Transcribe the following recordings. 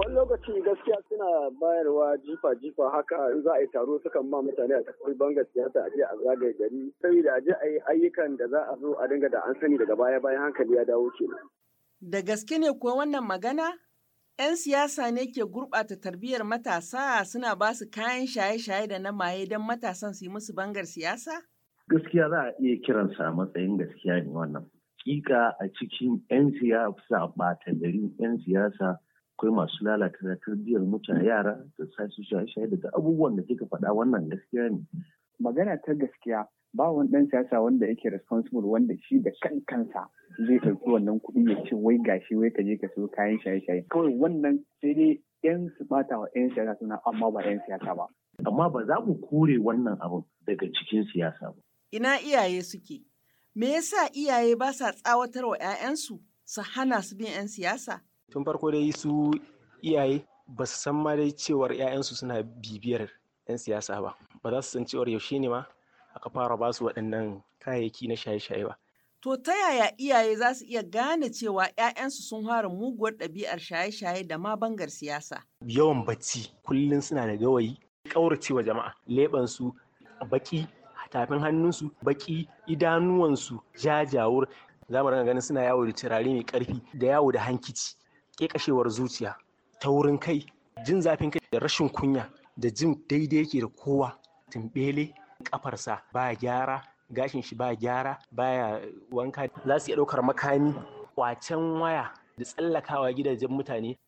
wani lokaci gaskiya suna bayarwa jifa-jifa haka za a yi taro sukan ma mutane a tafi bangar siyasa a je a zagaye gari saboda a je a yi ayyukan da za a zo a dinga da an sani daga baya bayan hankali ya dawo kenan. Da gaske ne kuwa wannan magana? 'Yan siyasa ne ke gurɓata tarbiyyar matasa suna ba su kayan shaye-shaye da na maye don matasan su yi musu bangar siyasa? Gaskiya za a iya kiransa a matsayin gaskiya ne wannan. Kika a cikin 'yan siyasa ba ta garin 'yan siyasa akwai masu lalata na tarbiyyar mutane yara da sasu shaye-shaye da abubuwan da kika faɗa wannan gaskiya ne magana ta gaskiya ba wani ɗan siyasa wanda yake responsible wanda shi da kan kansa zai ɗauki wannan kuɗi ya ce wai gashi wai ka je ka siyo kayan shaye-shaye kawai wannan sai dai yan su ɓata wa yan siyasa suna amma ba yan siyasa ba amma ba za mu kore wannan abun daga cikin siyasa ba ina iyaye suke me yasa iyaye ba sa tsawatar wa 'ya'yansu su hana su bin 'yan siyasa tun farko dai su iyaye ba su san ma dai cewar 'ya'yansu suna bibiyar 'yan siyasa ba ba za su san cewar yaushe ne ma aka fara ba su waɗannan kayayyaki na shaye-shaye ba to ta yaya iyaye za su iya gane cewa 'ya'yansu sun fara muguwar ɗabi'ar shaye-shaye da ma bangar siyasa yawan bacci kullum suna da gawayi wa jama'a su baƙi, tafin hannunsu baƙi, idanuwansu jajawur za mu ganin suna yawo da turare mai ƙarfi da yawo da hankici kekashewar zuciya ta wurin kai jin zafin kai da rashin kunya da jin daidai yake da kowa tumbele kafarsa ba gyara gashin shi ba gyara baya wanka za su iya ɗaukar makami kwacen waya da tsallakawa gidajen mutane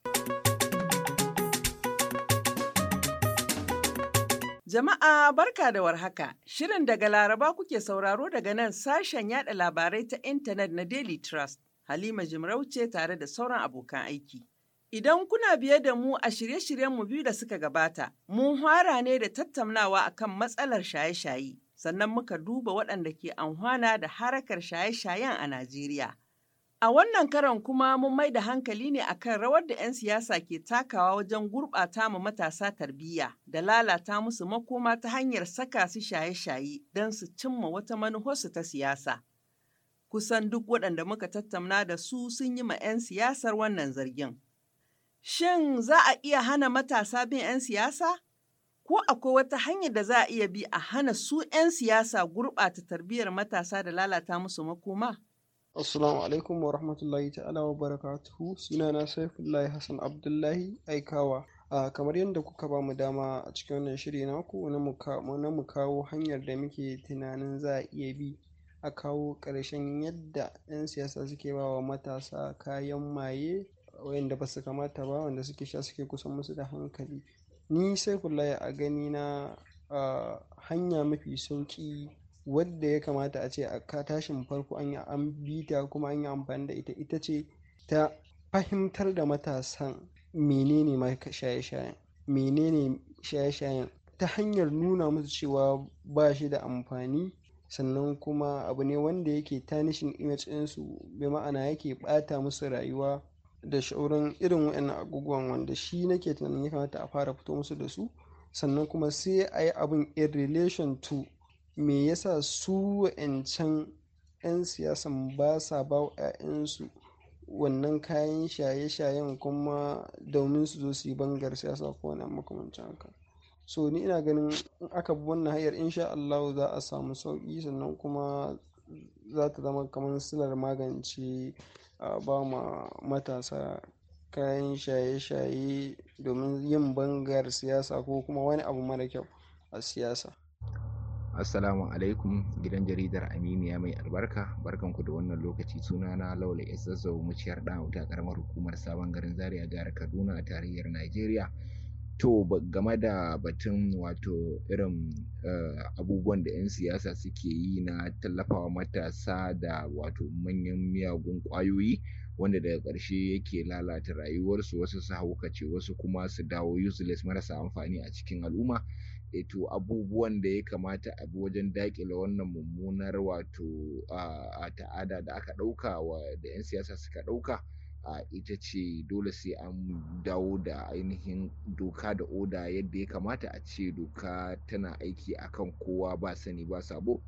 Jama'a barka da warhaka, shirin daga Laraba kuke sauraro daga nan sashen yada labarai ta intanet na Daily Trust. Halima Jimarauce tare da sauran abokan aiki. Idan kuna biye da mu a shirye-shiryenmu biyu da suka gabata, mun hwara ne da tattaunawa akan matsalar shaye-shaye, sannan muka duba waɗanda ke anhwana da harakar shaye-shayen a Najeriya. A wannan karon kuma mun mai da hankali ne akan rawar da 'yan siyasa ke takawa wajen gurɓata ma matasa tarbiyya da lalata musu makoma ta hanyar saka su shaye-shaye don su cimma wata manufarsu ta siyasa. kusan duk waɗanda muka tattauna da su sun yi ma 'yan siyasar wannan zargin. Shin za a iya hana matasa bin 'yan siyasa? Ko akwai wata hanyar da za a iya bi a hana su 'yan siyasa gurɓata tarbiyyar matasa da lalata musu makoma? Assalamu alaikum wa rahmatullahi ta'ala wa barakatuhu sunana Saifullahi Hassan Abdullahi Aikawa. Uh, kamar yadda kuka ba mu dama a cikin wannan shiri naku na mu kawo hanyar da muke tunanin za a iya bi a kawo ƙarshen yadda 'yan siyasa suke ba wa matasa kayan maye wayanda ba su kamata ba wanda suke sha suke kusan musu da hankali ni sai kula a gani na hanya mafi sauki wadda ya kamata a ce a tashin farko an yi bi ta kuma an yi amfani da ita ita ce ta fahimtar da matasan menene ma shaye-shayen menene shaye-shayen ta hanyar nuna musu cewa ba shi da amfani sannan kuma abu ne wanda yake tanishin image ɗinsu bi ma'ana yake ɓata musu rayuwa da shauran irin waɗannan agogon wanda shi nake tunanin ya kamata a fara fito musu da su sannan kuma sai a yi abin in relation to me yasa su wa'ancan 'yan siyasan ba sa ba wa 'ya'yansu wannan kayan shaye-shayen kuma domin su zo su yi bangar siyasa ko wani makamancin haka So ni ina ganin in aka bi wannan hanyar insha Allahu za a samu sauki sannan kuma za ta zama kamar silar magance a ba ma matasa kayan shaye-shaye domin yin bangar siyasa ko kuma wani abu mara kyau a siyasa. Assalamu alaikum gidan jaridar Aminiya mai albarka barkanku da wannan lokaci na Laula ya Zazzau muciyar ɗan wuta ƙaramar hukumar sabon garin Zaria jihar Kaduna a tarayyar nigeria. To game da batun wato irin eh, abubuwan da 'yan siyasa suke yi na tallafawa matasa da wato manyan miyagun ƙwayoyi wanda daga ƙarshe yake lalata rayuwarsu wasu su haukace wasu kuma su dawo useless marasa amfani a cikin al'umma e to abubuwan da ya kamata a bi wajen daƙile wannan mummunar wato ah, a ta'ada da aka ɗauka wa da 'yan siyasa suka ɗauka a ita ce dole sai an dawo da ainihin doka da oda yadda ya kamata a ce doka tana aiki a kan kowa ba sani ba sabo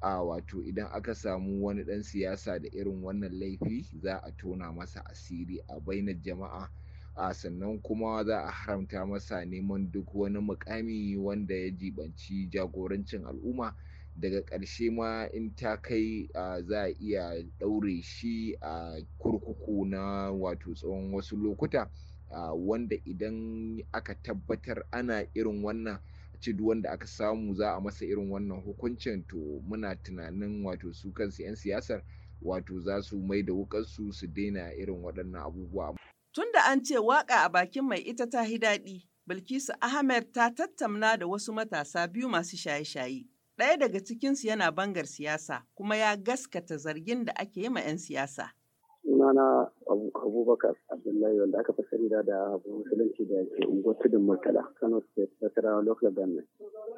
a wato idan aka samu wani ɗan siyasa da irin wannan laifi za a tona masa asiri a bainar jama'a a sannan kuma za a haramta masa neman duk wani mukami wanda ya jibanci jagorancin al'umma daga ƙarshe ma in ta kai za a iya ɗaure shi a kurkuku na wato tsawon wasu lokuta wanda idan aka tabbatar ana irin wannan ci wanda aka samu za a masa irin wannan hukuncin to muna tunanin wato su kansu 'yan siyasar wato za su mai da wukansu su daina irin waɗannan abubuwa. Tun da an ce waƙa a bakin mai ita ta hi daɗi, Bilkisu Ahmed ta tattauna da wasu matasa biyu masu shaye-shaye. Ɗaya daga cikinsu yana bangar siyasa kuma ya gaskata zargin da ake yi ma 'yan siyasa. Sunana Abubakar Abdullahi wanda aka fi sani da Abu Musulunci da ke unguwar tudun Murtala, Kano State, Nasarawa Local Government.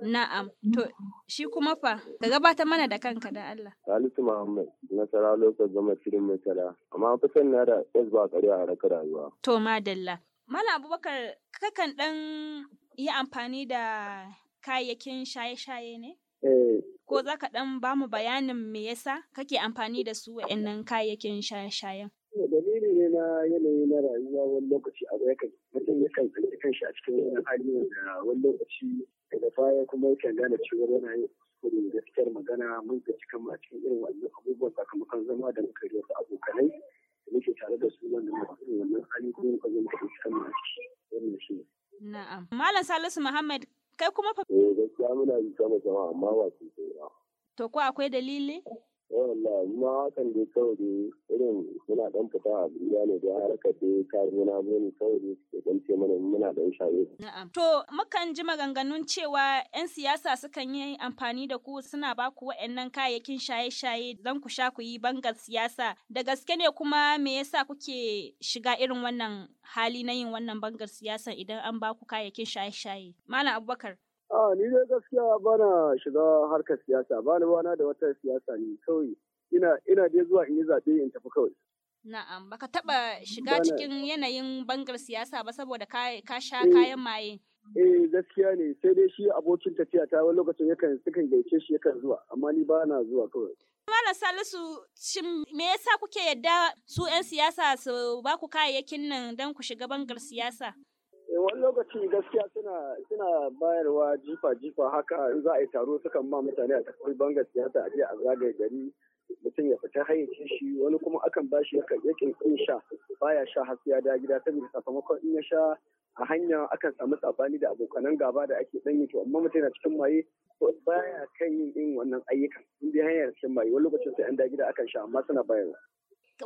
Na'am, to shi kuma fa ka gabatar mana da kanka da Allah. Salisu Muhammad, Nasarawa Local Government tudun Murtala, amma fi sani na da ba ƙarya a harkar rayuwa. To madalla. Mana Abubakar, kakan ɗan yi amfani da kayayyakin shaye-shaye ne? Eh, Ko za ka ɗan ba mu bayanin me yasa kake amfani da su wa'annan kayayyakin shaye-shayen? Dalili ne na yanayi na rayuwa wani lokaci abu yakan mutum yakan kan shi a cikin wani hali da wani lokaci daga baya kuma kan gane cewa yana yin kuskure gaskiyar magana mun ga cikin a cikin irin wannan abubuwan sakamakon zama da muka yi wasu abokanai da muke tare da su wanda masu irin wannan hali kuma muka zo muka cikin a cikin wannan shi. Na'am. Malam Salisu Muhammad kai kuma fa. Eh, ya muna yi sama sama amma ba ba. To ko akwai dalili? Eh, Wallah ma hakan dai kawai dai irin muna dan fita a duniya ne da harkar dai kar muna mun kawai dai suke dan ce mana muna dan shaye. Na'am. To mukan ji maganganun cewa yan siyasa sukan yi amfani da ku suna ba ku wa'annan kayayyakin shaye-shaye dan ku sha ku yi bangar siyasa. Da gaske ne kuma me yasa kuke shiga irin wannan hali na yin wannan bangar siyasa idan an ba ku kayayyakin shaye-shaye? Malam Abubakar. A ni dai gaskiya bana shiga harkar siyasa ba ni wana da wata siyasa ne kawai ina ina dai zuwa in yi zaɓe in tafi kawai. Na'am baka taɓa shiga cikin yanayin bangar siyasa ba saboda ka sha eh. kayan maye. Eh gaskiya ne sai dai shi abokin tafiya ta wani lokacin yakan sukan gaice shi yakan zuwa amma ni ba na zuwa kawai. Mala Salisu, shin me yasa kuke yadda su 'yan siyasa su ba ku kayayyakin nan don ku shiga bangar siyasa? Eh, wani lokaci gaskiya suna suna bayarwa jifa jifa haka in za a yi taro sukan ma mutane a tafi bangar siyasa a je a zagaye gari mutum ya fita hayyaci shi wani kuma akan ba shi yakin in sha baya sha har ya da gida saboda sakamakon in ya sha a hanya akan samu sabani da abokanan gaba da ake dan yi to amma mutum yana cikin maye baya kan yin in wannan ayyukan in bi hanyar cikin maye wani lokacin sai an da gida akan sha amma suna bayarwa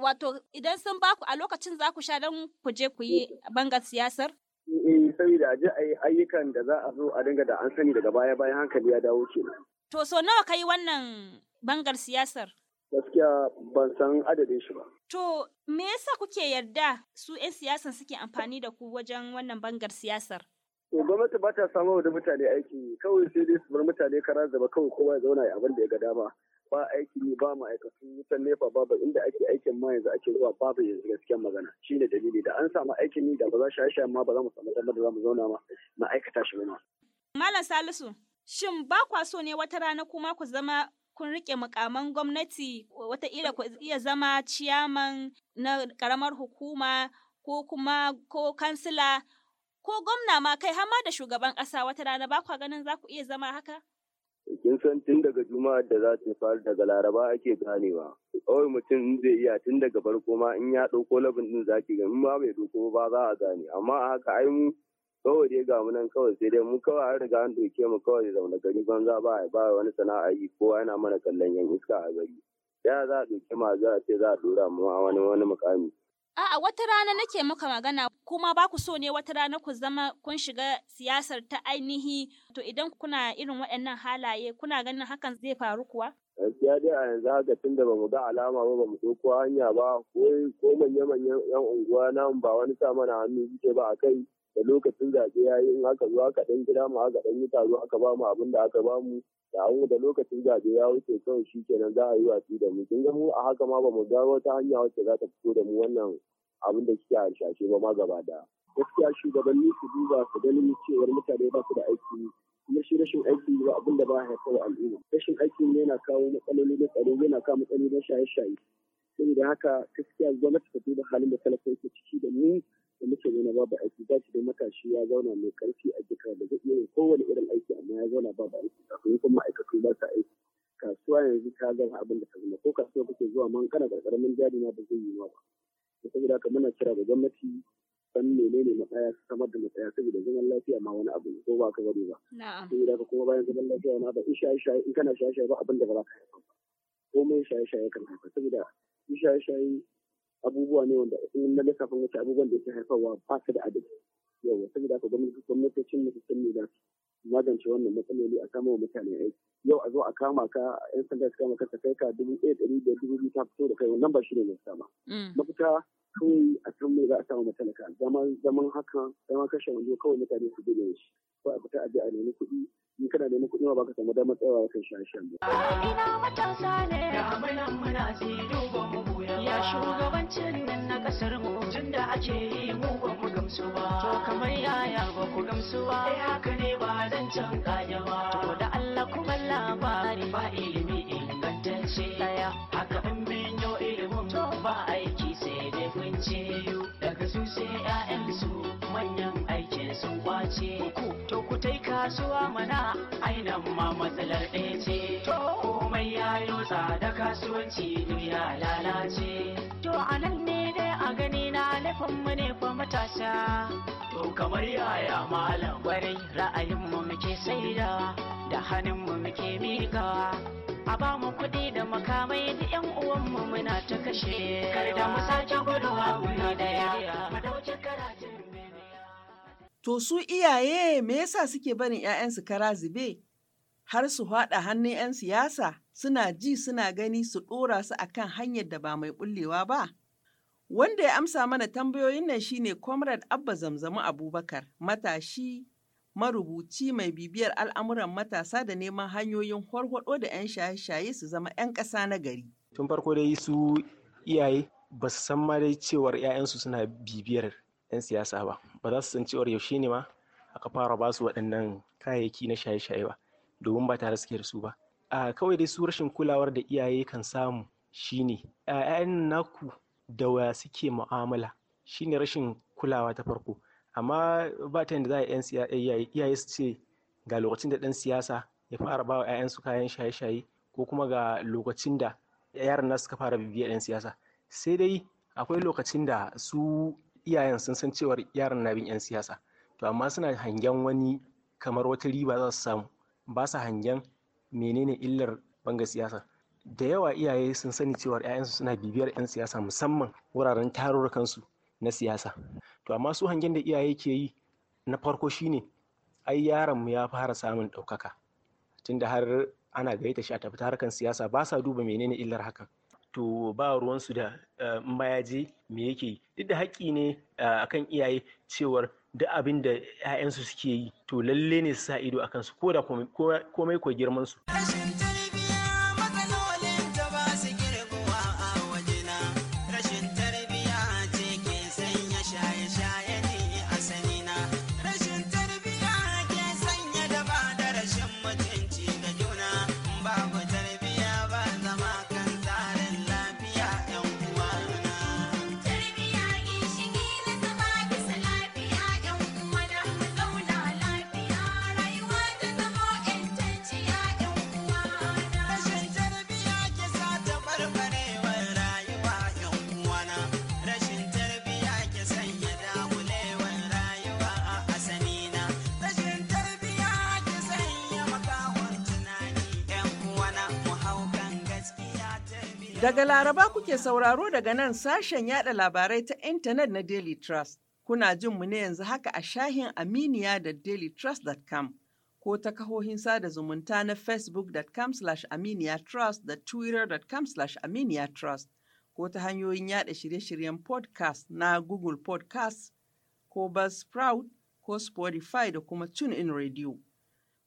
wato idan sun baku a lokacin za ku sha don ku je ku yi bangar siyasar? eh saboda aje a yi ayyukan da za a zo a dinga da an sani daga baya bayan hankali ya dawo kenan. To so nawa kai wannan bangar siyasar? Gaskiya ban san adadin shi ba. To me yasa kuke yarda su 'yan siyasan suke amfani da ku wajen wannan bangar siyasar? To gwamnati ba ta samar da mutane aiki kawai sai dai su bar mutane kara zaba kawai kowa ya zauna ya abin da ya ga dama. ba aiki ba ma'aikatu wutan nefa babu inda ake aikin ma yanzu ake zuwa babu yanzu gaskiyar magana shi ne dalili da an samu aikin ni da ba za shi aisha ma ba za mu samu damar da za mu zauna ma ma'aikata shi ma. Malam Salisu, shin ba kwa so ne wata rana kuma ku zama kun rike mukaman gwamnati wataƙila ku iya zama ciyaman na karamar hukuma ko kuma ko kansila ko gwamna ma kai har da shugaban ƙasa wata rana ba kwa ganin za ku iya zama haka? kin san tun daga Juma'ar da za ta faru daga laraba ake ganewa kawai mutum zai iya tun daga farko ma in ya ɗauko labin din za ki gani ma bai ɗauko ba za a gane amma a haka ai mu kawai dai ga mu nan kawai sai dai mu kawai an riga an ɗauke mu kawai da zauna gari banza ba ba wani sana'a yi kowa yana mana kallon yan iska a gari da za a ɗauke ma za a ce za a ɗora mu a wani wani mukami A'a wata rana nake maka magana kuma ba ku so ne wata rana ku zama kun shiga siyasar ta ainihi to idan kuna irin waɗannan halaye kuna ganin hakan zai faru kuwa? gaskiya dai a yanzu haka tun da bamu ga alama ba bamu ko hanya ba ko manya-manyan yan unguwa na ba wani sa mana hannu suke ba a kai da lokacin zaɓe ya yi in aka zuwa ka ɗan gida mu haka ɗan yi taro aka ba mu abin da aka ba mu da an da lokacin zaɓe ya wuce kawai shi kenan za a yi watsi da mu kin ga mu a haka ma ba mu wata hanya wacce za ta fito da mu wannan abin da suke harshashe ba ma gaba da gaskiya shugabanni su duba su ganin cewar mutane ba su da aiki kuma shi rashin aiki ba abin da ba ya haifar al'umma rashin aiki ne yana kawo matsaloli na tsaro yana kawo matsaloli na shaye-shaye saboda haka gaskiya gwamnati ta duba halin da talakawa ke ciki da mu da muke nuna babu aiki za ki da matashi ya zauna mai karfi a jika da zai iya kowane irin aiki amma ya zauna babu aiki sakamakon ma'aikatu ba sa aiki kasuwa yanzu ta zama abin da ta zama ko kasuwa kake zuwa man kana karkaramin jari ma ba zai yi ba saboda haka muna kira ga gwamnati san menene matsaya su samar da matsaya saboda zaman lafiya ma wani abu ko ba ka bari ba saboda haka kuma bayan zaman lafiya wani abu in shaye shaye in kana shaye shaye ba abin da ba za ka haifa ba komai shaye shaye kan haifa saboda in shaye shaye abubuwa ne wanda sun na lissafa wasu abubuwan da yake haifarwa ba su da adadi yau saboda ka gwamnati gwamnatocin mu sun ne za su magance wannan matsaloli a kama wa mutane aiki yau a zo a kama ka yan sanda su kama ka ta kai ka dubu ɗaya ɗari biyar dubu biyu ta fito da kai wannan ba shi ne mai sama mm. mafita kawai a can mai za a samu matalaka zaman zaman haka zaman kashe wando kawai mutane su gudun shi ko a fita a je a nemi kuɗi in kana neman kuɗi ma baka samu damar tsayawa kan shaye shaye ba. ina matasa ne da abinan muna sai duba mu goya ya shugabancin nan na kasar mu tun da ake yi mu ba mu gamsu ba to kamar yaya ba ku gamsu ba Ya eh, haka ne ba zan can kaya ba to da Allah kuma labari ba ilimi ingantacce daya haka in min yo ilimin to ba aiki sai dai kun ce daga su sai 'ya'yan su manyan aikin sun kwace ku tai kasuwa mana ainihin ma matsalar ɗaya ce to komai yayo da kasuwanci duniya lalace to a nan ne dai a gani na laifinmu mu ne fa matasa to kamar yaya malam kwarai ra'ayin mu muke saida da hannun mu muke mikawa a ba mu kuɗi da makamai da 'yan uwanmu muna ta kashe kar da mu sake gudu a da yaya. To su iyaye me yasa suke barin 'ya'yansu kara zube? Har su haɗa hannun 'yan siyasa suna ji suna gani su ɗora su a kan hanyar da ba mai ɓullewa ba? Wanda ya amsa mana tambayoyin nan shine Comrade Abba Zamzamu Abubakar, matashi marubuci mai bibiyar al'amuran matasa da neman hanyoyin horhoɗo da 'yan shaye-shaye su zama 'yan ƙasa na gari. Tun farko dai su iyaye ba su san ma dai cewar 'ya'yansu suna bibiyar 'yan siyasa ba. ba za su san cewar yaushe ne ma aka fara ba su waɗannan kayayyaki na shaye-shaye ba domin ba tare suke da su ba a kawai dai su rashin kulawar da iyaye kan samu shine ƴaƴan naku da waya suke mu'amala shine rashin kulawa ta farko amma ba ta yadda za a iyaye su ce ga lokacin da ɗan siyasa ya fara ba wa su kayan shaye-shaye ko kuma ga lokacin da yaran nasu suka fara bibiyar 'yan siyasa sai dai akwai lokacin da su iyayen sun san cewar yaran na bin 'yan siyasa to amma suna hangen wani kamar wata riba za su samu ba su hangen menene illar banga siyasa da yawa iyaye sun sani cewar 'ya'yansu suna bibiyar 'yan siyasa musamman wuraren tarurrukansu na siyasa to amma su hangen da iyaye ke yi na farko shine ai yaran mu ya fara samun ɗaukaka tunda har ana gaita shi a tafi harkan siyasa ba sa duba menene illar hakan to ba ruwansu da eh, mayaje me yake duk da haƙƙi ne eh, akan iyaye cewar duk abin da 'ya'yansu suke yi to lalle ne su sa ido a kansu ko da komai ko girman su. Daga Laraba kuke sauraro daga nan sashen yada labarai ta intanet na Daily Trust. Kuna jin mu ne yanzu haka a shahin Aminiya da dailytrust.com ko ta kahohin sada zumunta na facebookcom aminiyatrust da twittercom aminiyatrust ko ta hanyoyin yada shirye-shiryen podcast na Google Podcast ko Buzzsprout ko Spotify da kuma TuneIn Radio.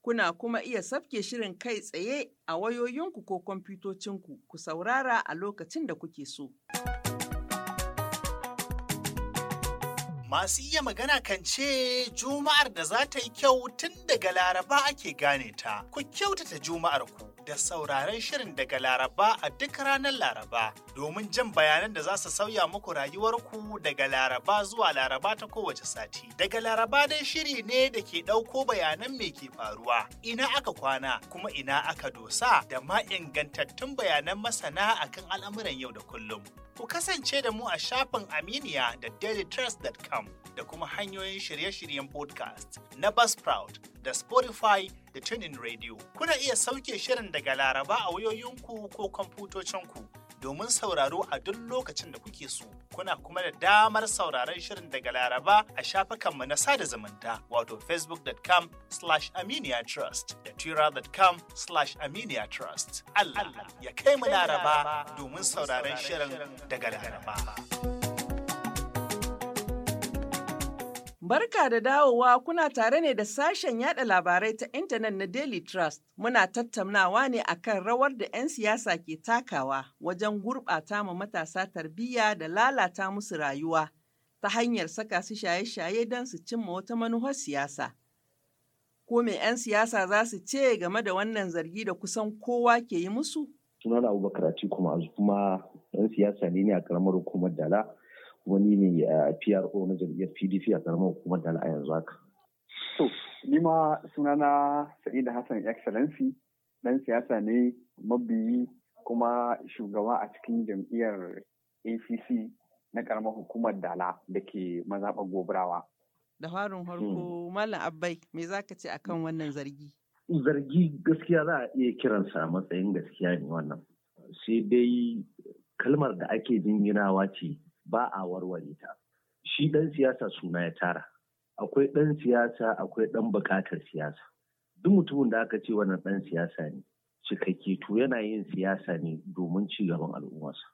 Kuna kuma iya sabke shirin kai tsaye a wayoyinku ko kwamfutocinku ku saurara a lokacin da kuke so. Masu iya magana kan ce Juma'ar da za ta yi kyau tun daga Laraba ake gane ta, ku kyautata Juma'ar ku. da sauraren shirin daga Laraba a duk ranar Laraba domin jin bayanan da za su sauya muku rayuwarku daga Laraba zuwa Laraba ta kowace sati. Daga Laraba dai shiri ne da ke ɗauko bayanan me ke faruwa, ina aka kwana kuma ina aka dosa da ma ingantattun bayanan masana akan al'amuran yau da kullum. ku kasance da mu a shafin Aminiya da dailytrust.com da kuma hanyoyin shirye-shiryen podcast na Buzzsprout da Spotify da TuneIn Radio. Kuna iya sauke shirin daga Laraba a wayoyinku ko kwamfutocinku. domin sauraro a duk lokacin da kuke so. Kuna kuma da damar sauraron shirin daga Laraba a shafukanmu na sada zumunta wato facebook.com slash trust da twitter.com slash trust. Allah ya kai mu Laraba domin sauraron shirin daga Laraba. Barka da dawowa kuna tare ne da sashen yada labarai ta intanet na Daily Trust. Muna tattaunawa ne a kan rawar da 'yan siyasa ke takawa wajen gurɓata ma matasa tarbiyya da lalata musu rayuwa ta hanyar saka su shaye-shaye don su cimma wata manuwar siyasa. Ko me 'yan siyasa za su ce game da wannan zargi da kusan kowa ke yi musu? Sunana Abubakar kuma kuma 'yan siyasa ne a ƙaramar hukumar Dala. wani ne a eh, PRO na jam'iyyar PDP a karamar hukumar Dala a yanzu haka. To, ni ma sunana Sa'id Hassan Excellency dan siyasa ne mabiyi kuma shugaba a cikin jam'iyyar ACC na karamar hukumar Dala da ke mazaɓar Gobrawa. Da farin harko hmm. Malam Abbai, me za ka ce a kan wannan zargi? Zargi gaskiya za a iya kiransa matsayin gaskiya ne wannan. Sai dai kalmar da ake jinginawa ce ba a warware ta shi ɗan siyasa suna ya tara akwai ɗan siyasa akwai ɗan buƙatar siyasa duk mutumin da aka ce wannan ɗan siyasa ne cikakke to yana yin siyasa ne domin ci gaban al'ummarsa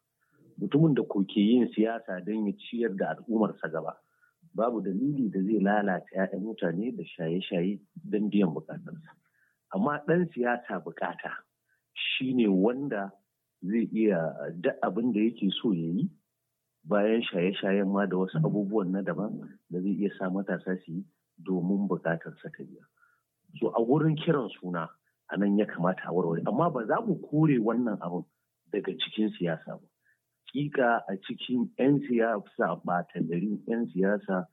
mutumin da ko yin siyasa don ya ciyar da al'ummarsa gaba babu dalili da zai lalata 'ya'yan mutane da shaye-shaye don biyan bukatarsa amma ɗan siyasa bukata shine wanda zai iya da abin da yake so ya yi bayan shaye-shayen ma da wasu mm. abubuwan na daban da zai iya sa matasa su yi domin bukatar ta biya. So a wurin kiran suna a nan ya kamata a warware amma ba za mu kore wannan abun daga cikin siyasa ba. Kika a cikin 'yan siyasa ba ta gari 'yan siyasa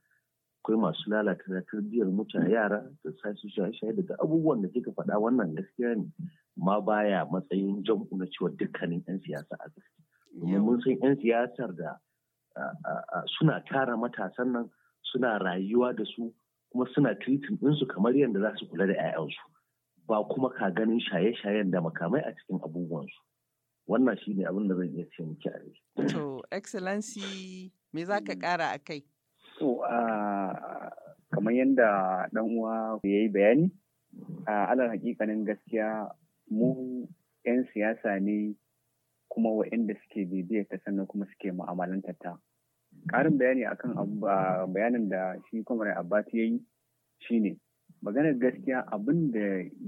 akwai masu lalata tarbiyyar mutane yara da sasu shaye-shaye daga abubuwan da kika faɗa wannan gaskiya ne ma baya matsayin jam'u na cewa dukkanin 'yan siyasa a gaske. Domin mun san 'yan siyasar da suna tara matasan nan suna rayuwa da su kuma suna treating ɗinsu kamar yadda za su kula da 'ya'yansu ba kuma ka ganin shaye-shayen da makamai a cikin abubuwansu wannan shi ne abin da zan iya ce muke a to excellency me za ka kara a kai to kamar yadda dan uwa ya yi bayani a alal hakikanin gaskiya mu 'yan siyasa ne kuma waɗanda suke bibiya ta sannan kuma suke mu'amalantar ta. Ƙarin bayani akan bayanin da shi kwamare Abbati ya yi shi ne, maganar gaskiya abin da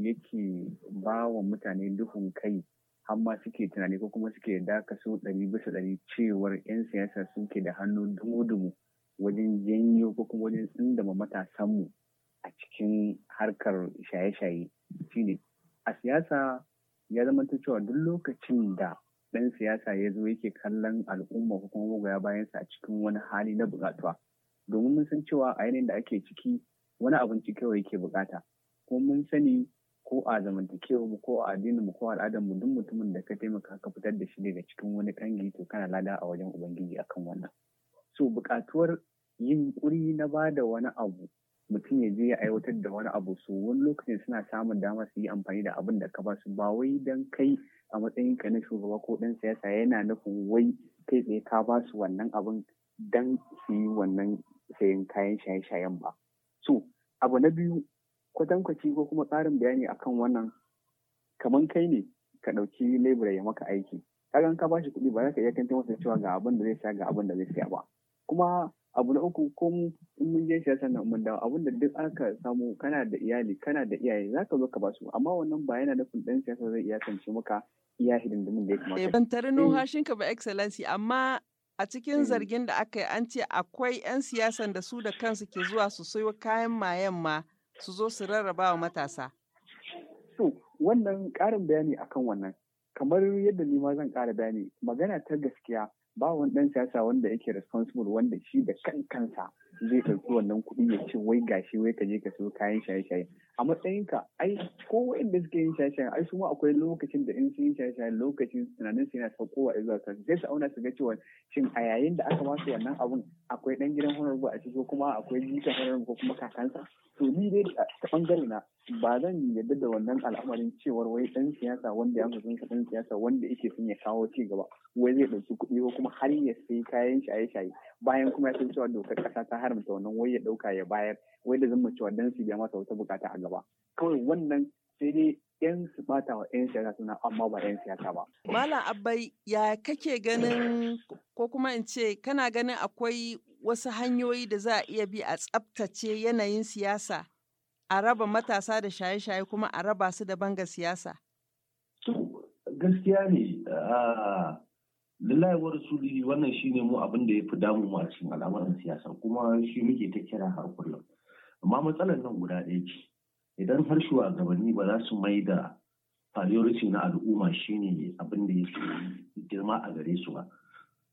yake ba wa mutane duhun kai hamma suke tunani ko kuma suke daka su ɗari bisa ɗari cewar 'yan siyasa suke da hannu dumu-dumu wajen janyo ko kuma wajen tsindama matasanmu a cikin harkar shaye-shaye shine a siyasa ya zama ta cewa duk lokacin da ɗan siyasa ya zo yake kallon al'umma ko kuma magoya bayansa a cikin wani hali na bukatuwa domin mun san cewa a yanayin da ake ciki wani abinci kawai yake bukata ko mun sani ko a zamantakewa mu ko a addinin mu ko al'adar mu duk mutumin da ka taimaka ka fitar da shi daga cikin wani kangi to kana lada a wajen ubangiji akan wannan so buƙatuwar yin kuri na ba da wani abu mutum ya je ya aiwatar da wani abu so wani lokacin suna samun dama su yi amfani da abin da ka ba su ba wai don kai a matsayin ka na shugaba ko ɗan siyasa yana nufin wai kai tsaye ka ba su wannan abun dan su yi wannan sayan kayan shaye-shayen ba. So, abu na biyu kwatankwaci ko kuma tsarin bayani akan wannan kamar kai ne ka ɗauki lebura ya maka aiki. Kagan ka ba shi kuɗi ba za ka iya kanta masa cewa ga abin da zai saya ga abin da zai saya ba. Kuma abu na uku ko in mun je siyasa nan mun dawo abinda duk aka samu kana da iyali kana da iyaye zaka zo ka basu amma wannan ba yana nufin dan siyasa zai iya kance maka iya hidindimin da ya kamata. Eh, ban tare eh. numfashin ka ba excellency amma a cikin eh. zargin da aka yi an ce akwai 'yan siyasan da su da kansu ke zuwa su sayo kayan mayan ma su zo su rarraba wa matasa. To wannan ƙarin bayani akan wannan kamar yadda ni ma zan kara bayani magana ta gaskiya ba wani dan siyasa wanda yake responsible wanda shi da kan kansa zai ɗauki wannan kuɗi ya ce wai gashi wai ka je ka siyo kayan shaye-shaye a matsayinka ai ko wanda suke yin shaye-shaye ai su ma akwai lokacin da in sun shaye-shaye lokacin tunanin su yana saukowa zuwa kan sai su auna su ga cewa shin a yayin da aka masu wannan abun akwai dan gidan honorable a ciki ko kuma akwai jikan honorable ko kuma kakansa to ni dai bangare na ba zan yadda da wannan al'amarin cewar wai dan siyasa wanda ya mutunta dan siyasa wanda yake sun ya kawo ci gaba wai zai ɗauki kuɗi ko kuma har ya sai kayan shaye shaye bayan kuma ya san cewa dokar ƙasa ta haramta wannan wai ya ɗauka ya bayar wai da zama cewa dan su ya masa wata bukata a gaba kawai wannan sai dai yan su bata wa yan siyasa suna amma ba yan siyasa ba. Malam abba ya kake ganin ko kuma in ce kana ganin akwai wasu hanyoyi da za a iya bi a tsaftace yanayin siyasa a raba matasa da shaye-shaye kuma a raba su da banga siyasa? gaskiya ne, ah, lalaiwar suli wannan shi ne mu abin da ya fi damu mu a cikin al'amuran siyasa kuma shi muke ta kira har kullum. Amma matsalar nan guda ɗaya ce, idan har shugabanni ba za su mai da priority na al'umma shi ne abin da ya fi girma a gare su ba.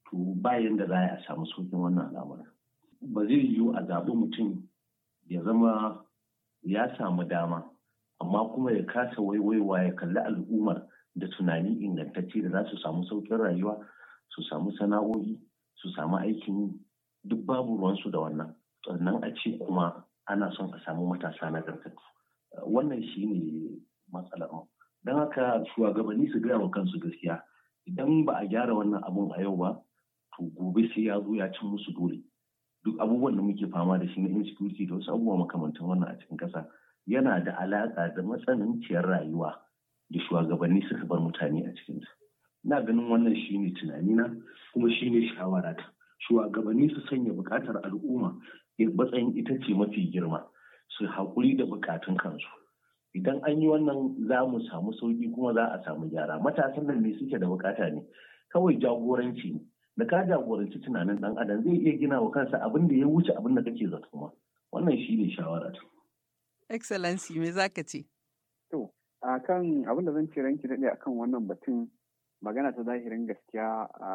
to bayan da za a samu sauƙin wannan al'amarin ba zai yiwu a zaɓi mutum ya zama ya samu dama amma kuma ya kasa waiwaiwa ya kalli al'ummar da tunani ingantacce da za su samu saukin rayuwa su samu sana'o'i su samu aikin duk babu ruwansu da wannan sannan a ce kuma ana son a samu matasa na gargatu wannan shi ne matsalar mu don haka shugabanni su gaya wa kansu gaskiya idan ba a gyara wannan abun a yau ba to gobe sai ya zo ya cin musu dole duk abubuwan da muke fama da shi na insecurity da wasu abubuwa makamantan wannan a cikin ƙasa yana da alaƙa da matsananciyar rayuwa da shugabanni suka bar mutane a cikinsa. Na ganin wannan shi ne tunanina kuma shi ne shawarata. Shugabanni su sanya buƙatar al'umma matsayin ita ce mafi girma su haƙuri da buƙatun kansu. Idan an yi wannan za mu samu sauƙi kuma za a samu gyara. Matasan nan ne suke da buƙata ne. Kawai jagoranci ne. da ka jagoranci tunanin dan adam zai iya gina wa kansa abin da ya wuce abin da kake zato ma wannan shi ne shawara ta excellency me zaka ce to kan abin da zan ce ranki dade kan wannan batun magana ta zahirin gaskiya a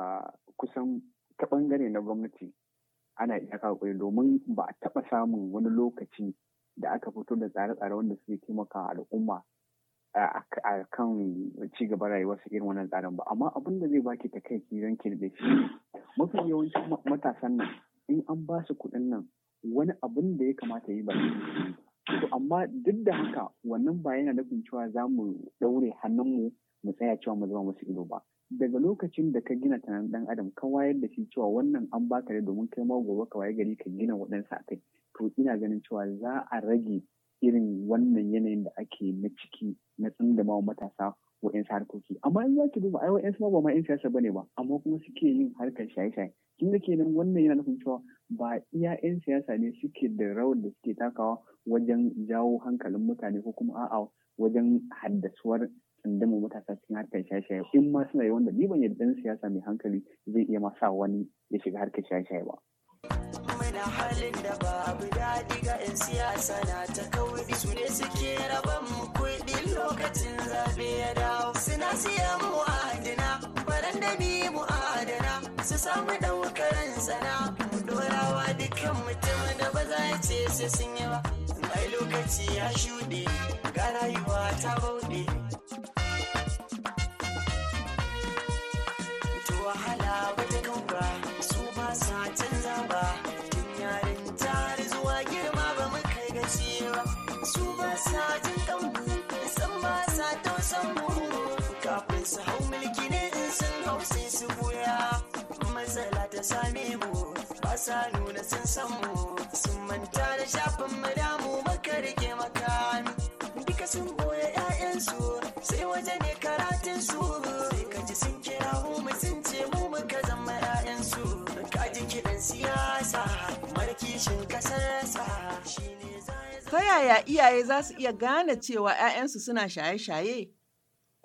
kusan ta bangare na gwamnati ana iya kakuri domin ba a taɓa samun wani lokaci da aka fito da tsare-tsare wanda suke taimaka al'umma a kan ci gaba rayuwarsa irin wannan tsarin ba amma abin da zai baki ta kai don shi mafi yawancin matasan nan in an ba su kuɗin nan wani abin da ya kamata yi ba to amma duk da haka wannan ba yana nufin cewa za mu ɗaure hannun mu mu tsaya cewa mu zama musu ido ba daga lokacin da ka gina tunanin dan adam ka wayar da shi cewa wannan an baka ne domin kai ma gobe ka waye gari ka gina waɗansu a kai to ina ganin cewa za a rage irin wannan yanayin da ake na ciki na ma matasa wa'yansu harkoki amma in za ki duba ai wa'yansu ba ma 'yan siyasa bane ba amma kuma suke yin harkar shaye-shaye kin da kenan wannan yana nufin cewa ba iya 'yan siyasa ne suke da rawar da suke takawa wajen jawo hankalin mutane ko kuma a'a wajen haddasuwar tsindama matasa cikin harkar shaye-shaye in ma suna yi wanda ni ban yadda ɗan siyasa mai hankali zai iya ma sa wani ya shiga harkar shaye-shaye ba. na halin da ba abu daɗi ga 'yan siyasa na ta kauri su ne suke raban mu kuɗi lokacin zaɓe ya dawo suna siyan mu adana faran da bi mu adana su samu ɗaukaran sana mu ɗorawa dukkan mutum da ba za ya ce sai sun yi ba mai lokaci ya shuɗe ga rayuwa ta bauɗe sa nuna sun mu sun manta da shafin madamu maka rike makami duka sun goya 'ya'yansu sai waje ne karatun su sai ka ji sun kira mu sun ce mu muka zama 'ya'yansu ka ji kiɗan siyasa markishin kasarsa shine ta yaya iyaye za su iya gane cewa 'ya'yansu suna shaye-shaye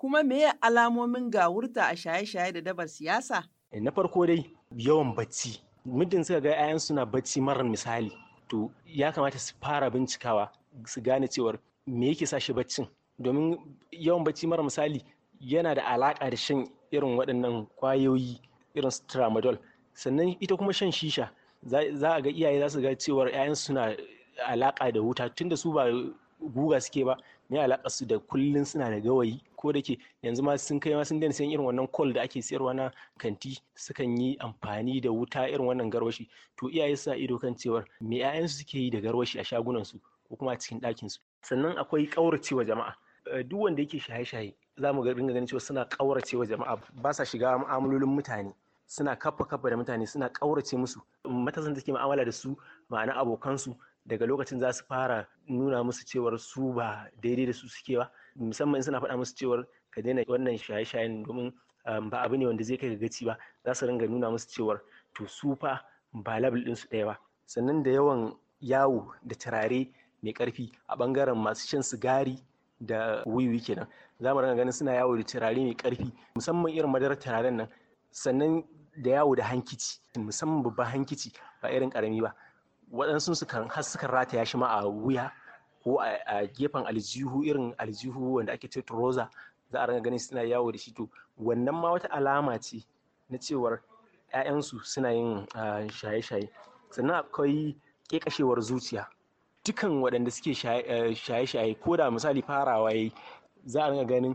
kuma meye alamomin gawurta a shaye-shaye da dabar siyasa eh, na farko dai yawan bacci muddin suka ga 'ya'yan suna bacci marar misali to ya kamata su fara bincikawa su gane cewar me yake sa shi baccin domin yawan bacci marar misali yana da alaka da shan irin waɗannan kwayoyi irin su tramadol sannan ita kuma shan shisha za a ga iyaye za su ga cewar 'ya'yan suna alaka da wuta tunda su ba guga suke ba me alaƙa su da kullun suna da gawayi ko da ke yanzu ma sun kai ma sun daina sayan irin wannan kol da ake sayarwa na kanti sukan yi amfani da wuta irin wannan garwashi to iyaye suna ido kan cewar me 'ya'yansu suke yi da garwashi a shagunan su ko kuma a cikin su sannan akwai ƙauracewa jama'a eh, duk wanda yake shaye-shaye za mu ringa ganin cewa suna ƙauracewa jama'a ba sa shiga mu'amalolin mutane suna kafa kafa da mutane suna ƙaurace musu matasan da ke mu'amala da su ma'ana abokansu daga lokacin za su fara nuna musu cewar su ba daidai da su suke ba musamman suna faɗa musu cewar ka daina wannan shaye-shayen domin um, ba abu ne wanda zai kai gaci ba za su ringa nuna musu cewar to su fa ba labul din su daya ba sannan da yawan yawo da turare mai ƙarfi a bangaren masu shan sigari da wiwi kenan za mu ringa ganin suna yawo da turare mai ƙarfi musamman irin madarar turaren nan sannan da yawo da hankici musamman babban hankici ba irin ƙarami ba waɗansu su kan har sukan rataya shi ma a wuya ko a gefen aljihu irin aljihu wanda ake ce roza za a ranga ganin suna yawo da shi to wannan ma wata alama ce na cewar 'ya'yansu suna yin shaye-shaye sannan akwai kekashewar zuciya dukan waɗanda suke shaye-shaye ko da misali farawa yayi za a ranga ganin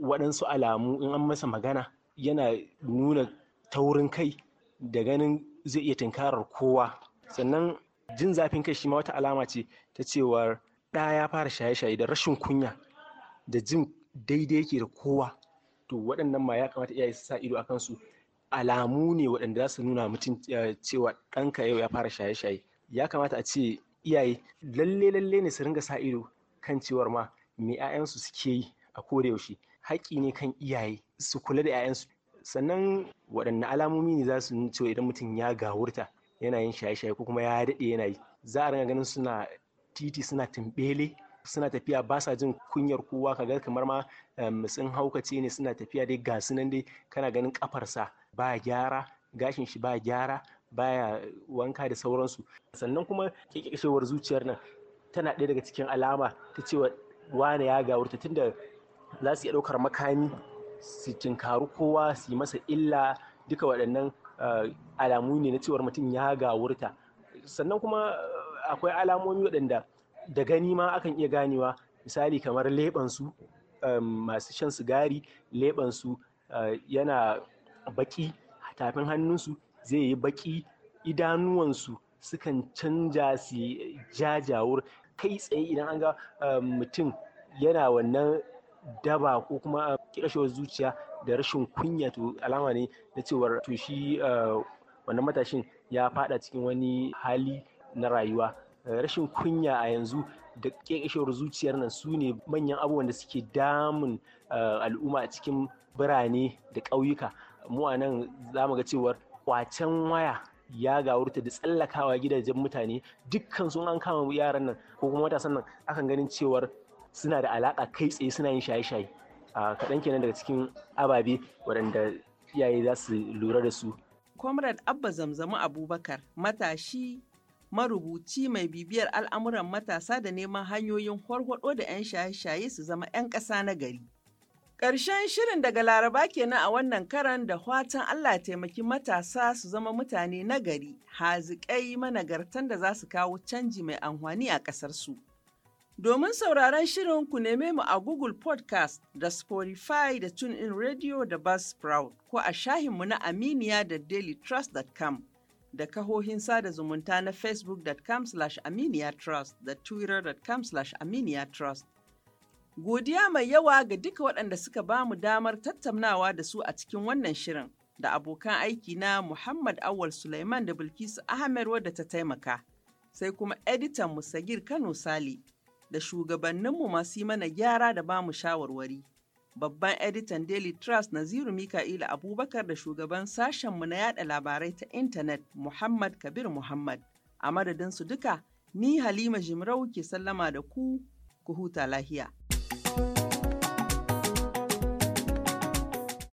waɗansu alamu in an masa magana yana nuna taurin kai da ganin zai iya tinkarar kowa sannan jin zafin kai shi ma wata alama ce ta cewar ɗa ya fara shaye-shaye da rashin kunya da jin daidai yake da kowa to waɗannan ma ya kamata iyaye su sa ido a kansu alamu ne waɗanda za su nuna mutum eh, cewa ɗanka yau ya fara shaye-shaye ya kamata a ce iyaye lalle lalle ne su ringa sa ido kan cewar ma me 'ya'yansu suke yi a koda yaushe haƙƙi ne kan iyaye su kula da 'ya'yansu sannan waɗanne alamomi ne za su nuna cewa idan mutum ya gawurta yana yin shaye-shaye ko kuma ya daɗe yana yi za a ringa ganin suna titi suna tumbele suna tafiya ba sa jin kunyar kowa kaga kamar ma sun haukace ne suna tafiya dai ga nan dai kana ganin kafarsa ba gyara gashin shi ba gyara baya wanka da sauransu sannan kuma kekeshewar zuciyar nan tana ɗaya daga cikin alama ta cewa wane ya gawurta tunda za su iya ɗaukar makami su cinkaru kowa su yi masa illa duka waɗannan eh, alamu ne na cewar mutum ya gawurta sannan kuma eh, akwai alamomi waɗanda da gani ma akan iya ganewa misali kamar leɓensu um, masu shan sigari leɓensu uh, yana baki tafin hannunsu zai yi baki idanuwansu sukan canja su jajawur kai tsaye idan an ga um, mutum yana wannan daba ko kuma kirashewar um, zuciya da rashin kunya to alama ne na cewar to shi uh, wannan matashin ya fada cikin wani hali na rayuwa rashin kunya a yanzu da kekashewar zuciyar nan su ne manyan abubuwan da suke damun eh, al'umma a cikin birane da ƙauyuka mu a nan za mu ga cewar kwacen waya ya gawurta da tsallakawa gidajen mutane dukkan sun an kama yaran nan ko kuma matasan nan akan ganin cewar suna da alaka kai tsaye suna yin shaye-shaye ah, kaɗan kenan daga cikin ababe waɗanda iyaye za su lura da su comrade abba zamzamu abubakar matashi marubuci mai bibiyar al'amuran matasa da neman hanyoyin horhoɗo da 'yan shaye-shaye su zama 'yan ƙasa na gari. Ƙarshen shirin daga Laraba kenan a wannan karan da watan Allah taimaki matasa su zama mutane na gari, haziƙai managartan da za su kawo canji mai amfani a ƙasarsu. Domin sauraron shirin ku neme mu a Google Podcast da Spotify da TuneIn Radio da Buzzsprout ko a shahinmu na Aminiya da dailytrust.com. da kahohin sada zumunta na facebookcom aminiyatrust da twittercom aminiyatrust Godiya mai yawa ga duka waɗanda suka ba mu damar tattaunawa da su a cikin wannan shirin da abokan aiki na Muhammad Awal Sulaiman da Bilkisu Ahmed wadda ta taimaka, sai kuma editan mu Kano Sali da shugabanninmu masu yi mana gyara da ba mu shawarwari. babban editan Daily Trust Naziru Mika'ila Abubakar da shugaban sashenmu na yada labarai ta intanet Muhammad Kabir Muhammad. A madadin su duka, ni Halima Jimrau ke sallama da ku, ku huta lahiya.